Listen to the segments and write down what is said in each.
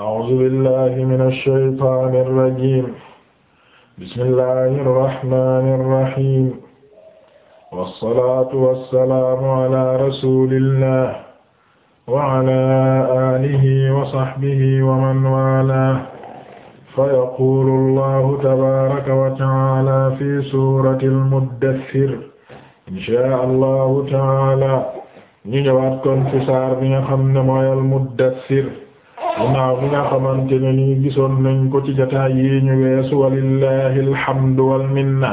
أعوذ بالله من الشيطان الرجيم بسم الله الرحمن الرحيم والصلاة والسلام على رسول الله وعلى آله وصحبه ومن والاه فيقول الله تبارك وتعالى في سورة المدثر إن شاء الله تعالى ñu ñëwaat kon ci saar bi nga xam ne mooy al-Muddathir ginnaaw bi nga xamante ne nii gisoon nañ ko ci jataay yii ñu weesu walillahi alhamdu wal minna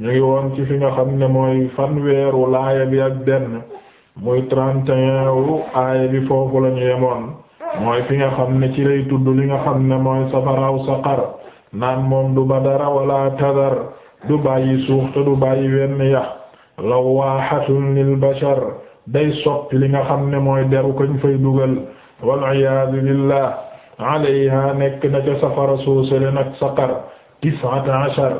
ñu ngi woon ci fi nga xam ne mooy weeru laaya bi ak benn muy trente et un wu bi foofu la ñu yemoon mooy fi nga xam ne ci lay tudd li nga xam ne mooy safaraw saqar naan moom du ba dara wala tadar du bàyyi suux te du bàyyi wenn yax lawaahatun lil bashar day soppi li nga xam ne mooy deru koñ fay dugal wal iyaadu billah alayha nekk na ca safara soosale nag saqar tis'ata ashar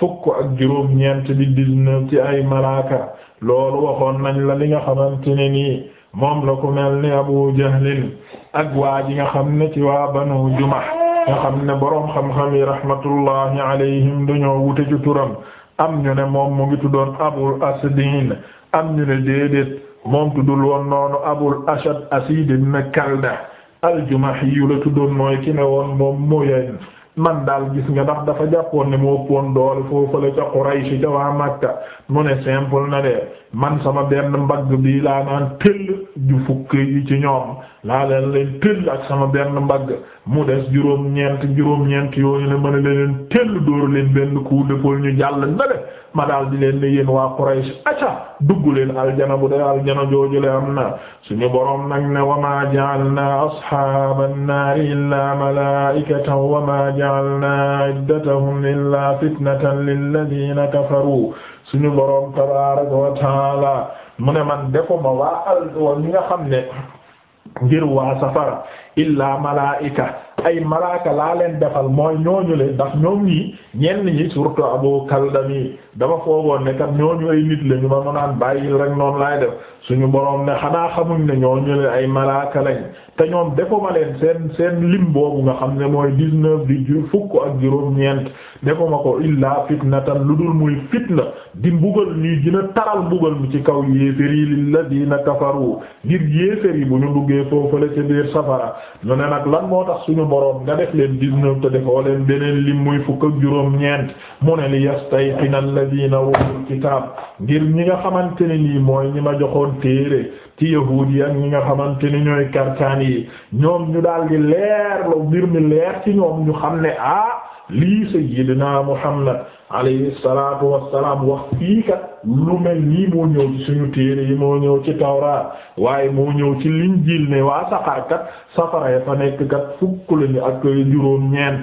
fukk ak juróom ñeent di dix-neuf ci ay malaaka loolu waxoon nañ la li nga xamante ni nii moom la ku mel ni Abu Jahlin ak waa ji nga xam ne ci waa Banu Jumah nga xam ne boroom xam-xam yi rahmatullahi alayhim dañoo wute ci turam am ñu ne moom mu ngi tuddoon Abul Asdiin am ñu ne déedéet moom tuddul woon noonu Abul Ashad Asiid ibn Kalda al-Jumahi la tuddoon mooy ki ne woon moom mooy man daal gis nga ndax dafa jàppoon ne moo poon dool foofu la ca Quraysh ca waa Makka mu ne simple na de man sama benn mbagg bi laa naan tëll ju fukk yi ci ñoom laa leen leen tëll ak sama benn mbagg mu des juróom-ñeent juróom-ñeent yooyu ne mën a leen tëll dóor leen benn coup d'épaule ñu jàll na de ma daal di leen ne yéen waa Quraysh aca dugg leen aljana bu dee aljana joojule am na suñu boroom nag ne ja'alna ashaaban naar illaa malaa'ikatan wa ma ja'alna iddatahum tabaaraka wa ta'aala mu ne man defuma waa al wa ñi nga xam ne ngir waa safara illaa malaa'ika ay malaaka laa leen defal mooy ñooñu le ndax ñoom ñii ñenn ñi surtout Abu Kaldami dama foogoon ne kat ñooñu ay nit lañu ma mënaan bàyyil rek noonu laay def suñu boroom ne xanaa xamuñ ne ñooñu le ay malaaka lañ te ñoom defuma leen seen lim boobu nga xam ne mooy dix di fukk ak juróom-ñeent defuma ko illaa fitnatan lu dul muy fitna di mbugal ñuy dina taral mbugal mi ci kaw yéefér yi lilladiina kafaru ngir yéefér yi bu ñu duggee foofu la ci boroom nga def leen dix-neuf te defoo leen beneen lim muy fukk ak juróom-ñeent mu ne li yastayqina alladina utul kitaab ngir ñi nga xamante ne nii mooy ñi ma joxoon téere ci yahuud yi ak ñi nga xamante ni ñooy kartaan yi ñoom ñu daal di leer lu mbir mi leer ci ñoom ñu xam ne ah lii sayyidina Muhammad alayhi salaatu wassalaam wax fii kat lu mel nii moo ñëw suñu téere yi moo ñëw ci tawraat waaye moo ñëw ci linjiil ne waa saxaar kat safara ya fa nekk kat fukk lañu ak juróom ñeent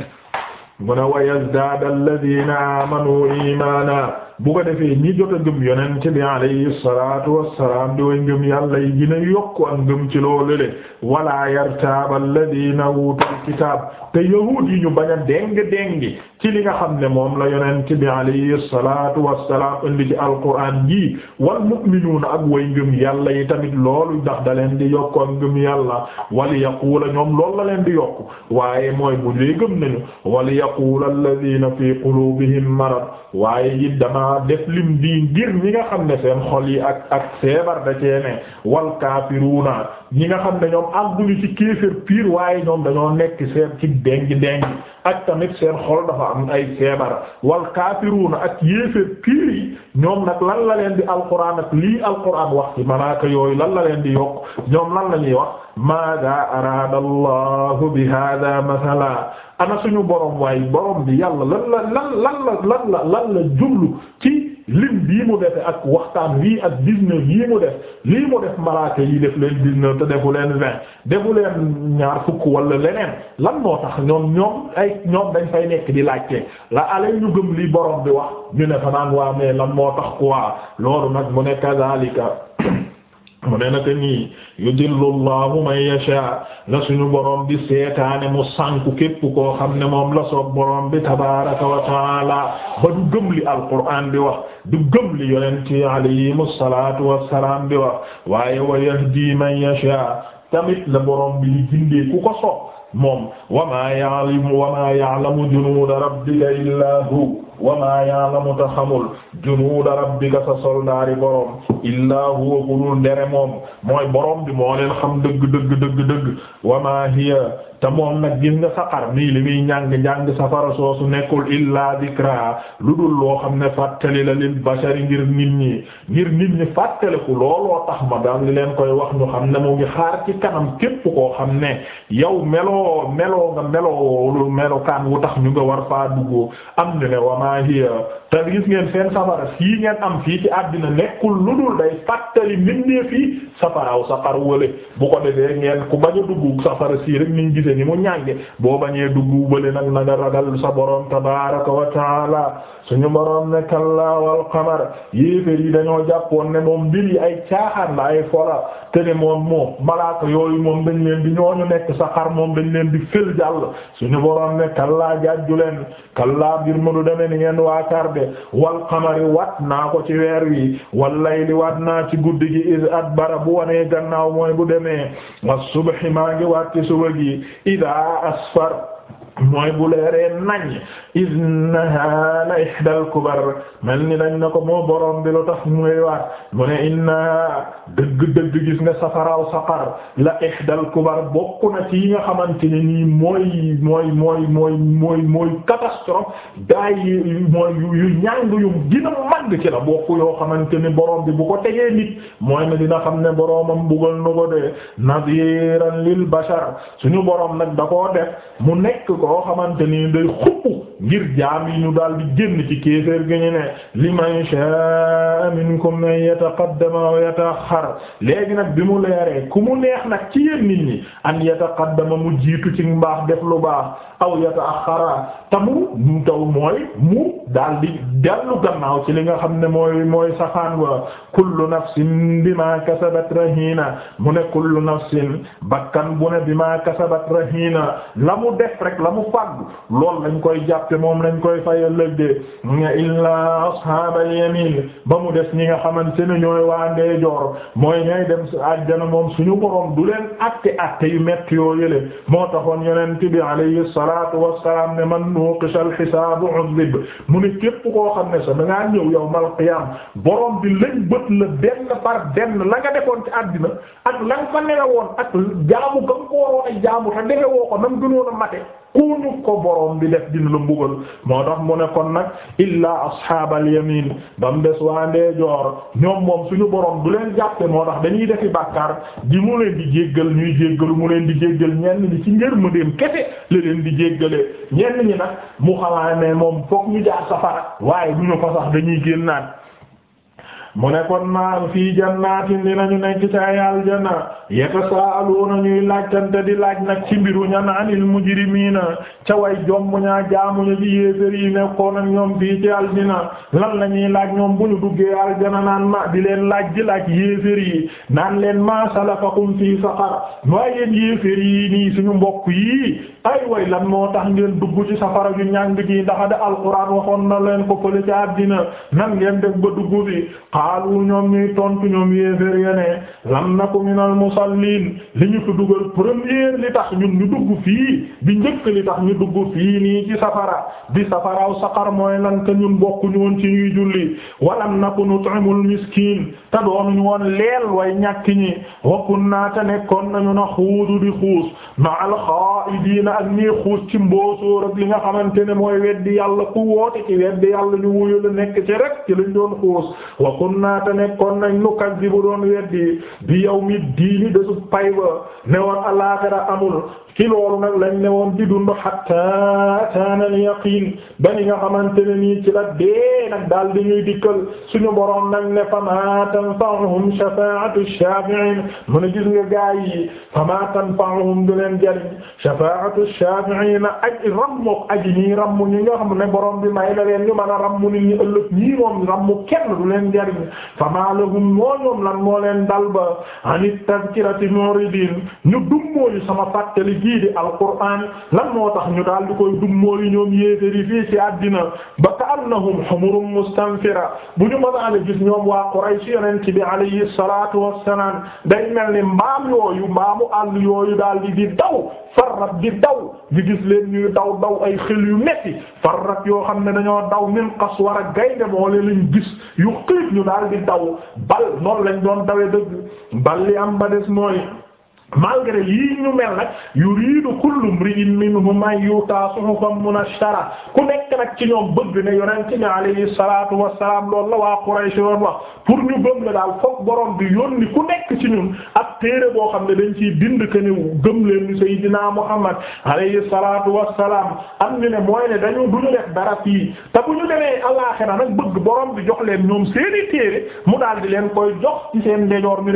mu ne wa yazdaada alladina amanu imaana bu ko defee ñi jot a gëm yonent bi alayhi salaatu wassalaam di way ngëm yàlla yi gën a yokku ak ngëm ci loolu le wala yartaaba alladina wutul kitaab te yahuud yi ñu bañ a déng déngi ci li nga xam ne moom la yonent bi alayhi salaatu wassalaam indi ci alquraan ji wal mu'minuuna ak way ngëm yàlla yi tamit loolu ndax da leen di yokku ak ngëm yàlla wali yaquula ñoom loolu la leen di yokku waaye mooy bu dee gëm nañu wali yaqula alladhina fi qulubihim marad waaye it damaa def lim bii ngir ñi nga xam ne seen xol yi ak ak feebar da cee ne wal kaafiruuna ñi nga xam ne ñoom àgguñu ci kéefër pire waaye ñoom dañoo nekk seen ci dengi dengi ak tamit seen xool dafa am ay feebar wal kaafiruuna ak yéefër pire ñoom nag lan la leen bi alquran ak lii alquran wax ci yooyu lan la leen di yokk ñoom lan la ñuy wax maada araada allahu bi hada masala ana suñu borom waaye borom bi yàlla lan la lan la ci lim bii mu defe ak waxtaan wii ak dix-neuf yii mu def lii mu def malaaka yi def leen dix-neuf te defu leen vingt defu leen ñaar fukk walla leneen lan moo tax ñoom ñoom ay ñoom dañ fay nekk di laajte la ale ñu gëm lii borom bi wax ñu ne fa naan waa mais lan moo tax quoi loolu nag mu ne kazalika mu ne nag nii yudillu Allahu man yasha la suñu borom bi seetaane mu sànku képp koo xam ne moom la soob borom bi tabaaraka wa taala ba du gëm li alquraan bi wax du gëm li yonent yi alayhimu salaatu wassalaam bi wax waaye wa yahdi man yasha tamit la borom bi li gindee ku ko soob moom wa maa ya'lamu wa maa ya'lamu junuuda rabbika illaa hu wa la ya'lamu ta xamul junuuda rabbika sa soldaari borom illaa huwa ku dul ndere moom mooy borom bi moo leen xam dëgg dëgg dëgg dëgg wa maa te moom nag gis nga saqar nii li muy njàng njàng safara soosu nekkul illaa dikra lu dul loo xam ne fàttali la lil bashari ngir nit ñi ngir nit ñi fàttaliku looloo tax ma daal di leen koy wax ñu xam ne mu ngi xaar ci kanam képp koo xam ne yow meloo meloo nga meloo lu melokaan wu tax ñu nga war faa dugg am ñu ma hiya te gis ngeen seen safara fii ngeen am fii ci àddina nekkul lu dul day fàttali mindee fii safaraaw safar ko defee ngeen ku bañ a dugg safara sii rek niñ gisee ni mu ñànge boo bañee dugg wële nag na nga ragal sa borom tabaaraka wa taala suñu borom ne kallaa wal qamar yéeféer yi dañoo jàppoon ne moom mbir ay caaxaan la ay fola te ne moom moom malaaka yooyu moom dañ leen di ñooñu nekk sa xar moom dañ leen di fël jàll suñu ne kallaa jàjju leen kallaa mbir mu ni ngeen waatarde wal qamari wat naa ko ci weer wi wal layli wat naa ci guddi gi is adbara bu wanee gannaaw mooy bu demee was subhi maa ngi wat ci suba gi ida asfar mooy bu leeree nañ innaha la ihdal kubar mel ni dañ na ko moo borom bi lu tax muy waat mu ne innaha dëgg-dëgg gis nga safaraaw saqar la ihdal kubar bokk na ci yi nga xamante ne nii mooy mooy mooy mooy mooy mooy catastrophe daay mooy yu ñàng yu gën a màgg ci la yoo xamante ni borom bi bu ko tegee nit mooy ne dina xam ne boromam bugal na ko de nadiran lil bashar suñu borom nag da koo def mu nekk koo xamante ni day xupp ngir jaam ñu daal di génn ci kéeféer gi ñu ne liman sha'a minkum an yataqaddama wa yata'akhkhar léegi nag bi mu leeree ku mu neex nag ci yéen nit ñi an mu jiitu ci mbaax def lu baax aw yata'akhkhara tamu mu taw mooy mu daal di dellu gannaaw ci li nga xam ne mooy mooy saxaan wa kullu nafsin bima kasabat rahina mu ne kullu nafsin bakkan bu ne bima kasabat rahina la mu def rek la mu fàggu loolu lañ koy jàppe moom lañ koy faya lëgdee nga illaa ashaabal yamin ba mu des ñi nga xamante ne ñooy waa ndeejoor mooy ñay dem àjjana moom suñu borom du leen atte atte yu metti yoo moo taxoon yonent bi alayhi salaatu wassalaam ne man nuqisha al hisaabu udhib mu ne képp koo xam ne sa da ngaa ñëw yawmal qiyaam borom bi lañ bët la benn par benn la nga defoon ci àddina ak la nga fa newe woon ak jaamu gam ko waroon a jaamu te defe woo nam gënoon a fu ñu ko borom bi def dina la mbugal moo tax mu ne kon nag illaa ashaabal yamin ba mu des waa ndeejoor ñoom moom suñu borom du leen jàppe moo tax dañuy defi bàkkaar di mu leen di jéggal ñuy jéggalu mu leen di jéggal ñenn ñi ci ngërmandeem kese la leen di jéggale ñenn ñi nag mu xamaa ne moom fokk ñu jaar safara waaye du ñu ko sax dañuy naan mu ne kon naa fii jannatin dinañu nekk ci ay aljanna yatasaaluuna ñuy laajtante di laaj nag ci mbiru ñan anil mujrimiina ca way jomb ñaa jaamuñu ci yéefér yi nekkoon ak ñoom fii ci aljina lan la ñuy laaj ñoom bu ñu duggee aljana naan ma di leen laaj di laaj yéefér yi naan leen ma salafakum fii saqar waaye yéen yéefér yi nii suñu mbokk yi ay way lan moo tax ngeen dugg ci safara ju ñàng gi ndax da alquran waxoon na leen ko fële ci àddina nan ngeen def xaalu ñoom ñuy tontu ñoom yéefér yenee lam naku minal musallin li ñu fi dugal première li tax ñun ñu dugg fii bi njëkk li tax ñu dugg fii nii ci safara bi safaraaw saqar mooy lan ka ñun bokkuñu woon ci ñuy julli walam naku nut'imul miskiin te ñu woon leel way ñàkk ñi wakkun naa te nekkoon nañu na xuudu di xuus ma alxaa'idiina ak ñiy xuus ci mboosóor ak li nga xamante ne mooy weddi yàlla ku woote ci weddi yàlla ñu wuyu la nekk ci rek ci lañ kunna te nekkoon nañ nu kaddibu doon weddi bi yawmi diini bésu pay ba ne woon alaaxira amul ci loolu nag ne woon di dund hatta ataana yaqiin ba ni nga xamante ne nii ci la dee nag daal di ñuy dikkal suñu borom nag ne fama tanfa'uhum shafaa'atu shaafi'iin mu ne gis nga gaay yi fama tanfa'uhum du leen jariñ shafaa'atu a aj rammu aji ñii rammu ñi nga xam ne borom bi may na leen ñu mën a rammu nit ñi ëllëg ñii moom rammu kenn du leen jariñ fama lahum moo ñoom lan moo leen dal ba anit tazkirati mu'ridiin ñu dummóoyu sama fàttali jii di alquraan lan moo tax ñu daal di du dummóoyu ñoom yéeféri fii ci addina ba ka annahum humurum mustanfira bu ñu mënaale gis ñoom waa Quraysh yonent bi alayhi salaatu wassalaam day mel ni mbaam yooyu mbaamu àll yooyu daal di di daw farrat di daw di gis leen ñuy daw daw ay xel yu metti farrat yoo xam ne dañoo daw min qaswara gaynde moo leen lañ gis yu xiit ñu daal di daw bal noonu lañ doon dawee dëgg bal li am ba des mooy malgré lii ñu mel nag yuridu kullu mri'in minhum an yu'ta suhufan munashshara ku nekk nag ci ñoom bëgg ne yonent bi alayhi salaatu wassalaam loolu la waa Quraysh doon wax pour ñu gëm la daal fokk borom bi yónni ku nekk ci ñun ak téere boo xam ne dañ ciy bind que ne gëm leen ni Seydina Muhammad alayhi salaatu wassalaam am ñu ne mooy ne dañu duñu def dara fii te bu ñu demee àllaxira nag bëgg borom bi jox leen ñoom seeni téere mu daal di leen koy jox ci seen ndejoor ñu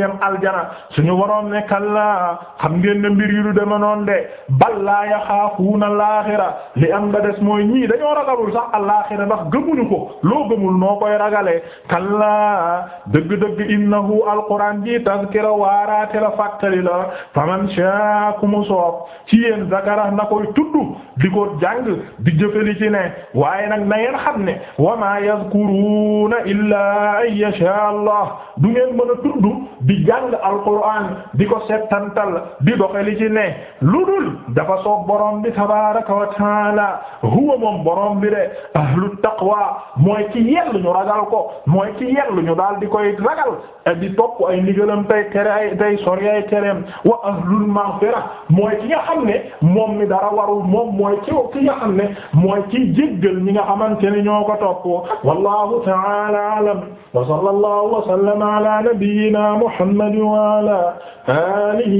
xam ngeen ne mbir yu du deme noon de bal laa yaxaafuuna laaxira li am ba des mooy ñii dañoo ragalul sax alaaxira ndax gëmuñu ko loo gëmul noo koy ragalee kallaa dëgg-dëgg innahu alquran ji tazkira waaraate la fàttali la faman shaa ku mu soob ci yéen na koy tudd di ko jàng di jëfeli ci ne waaye nag na xam ne wa maa yazkuruuna illaa an yashaa allah du mën a tudd di jàng alquran di ko settan settantal di doxe li ci ne lu dul dafa soob borom bi tabaraka wa taala huwa moom borom bi de ahlu taqwa mooy ci yell ñu ragal ko mooy ci yell ñu daal di koy ragal di topp ay ndigalam tay tere ay tay ay tereem wa ahlul maghfira mooy ki xam ne moom mi ci ki nga xam ne mooy ci jéggal ko topp ta'ala a'lam wa sallallahu wa sallama ala nabiyyina muhammad ala alihi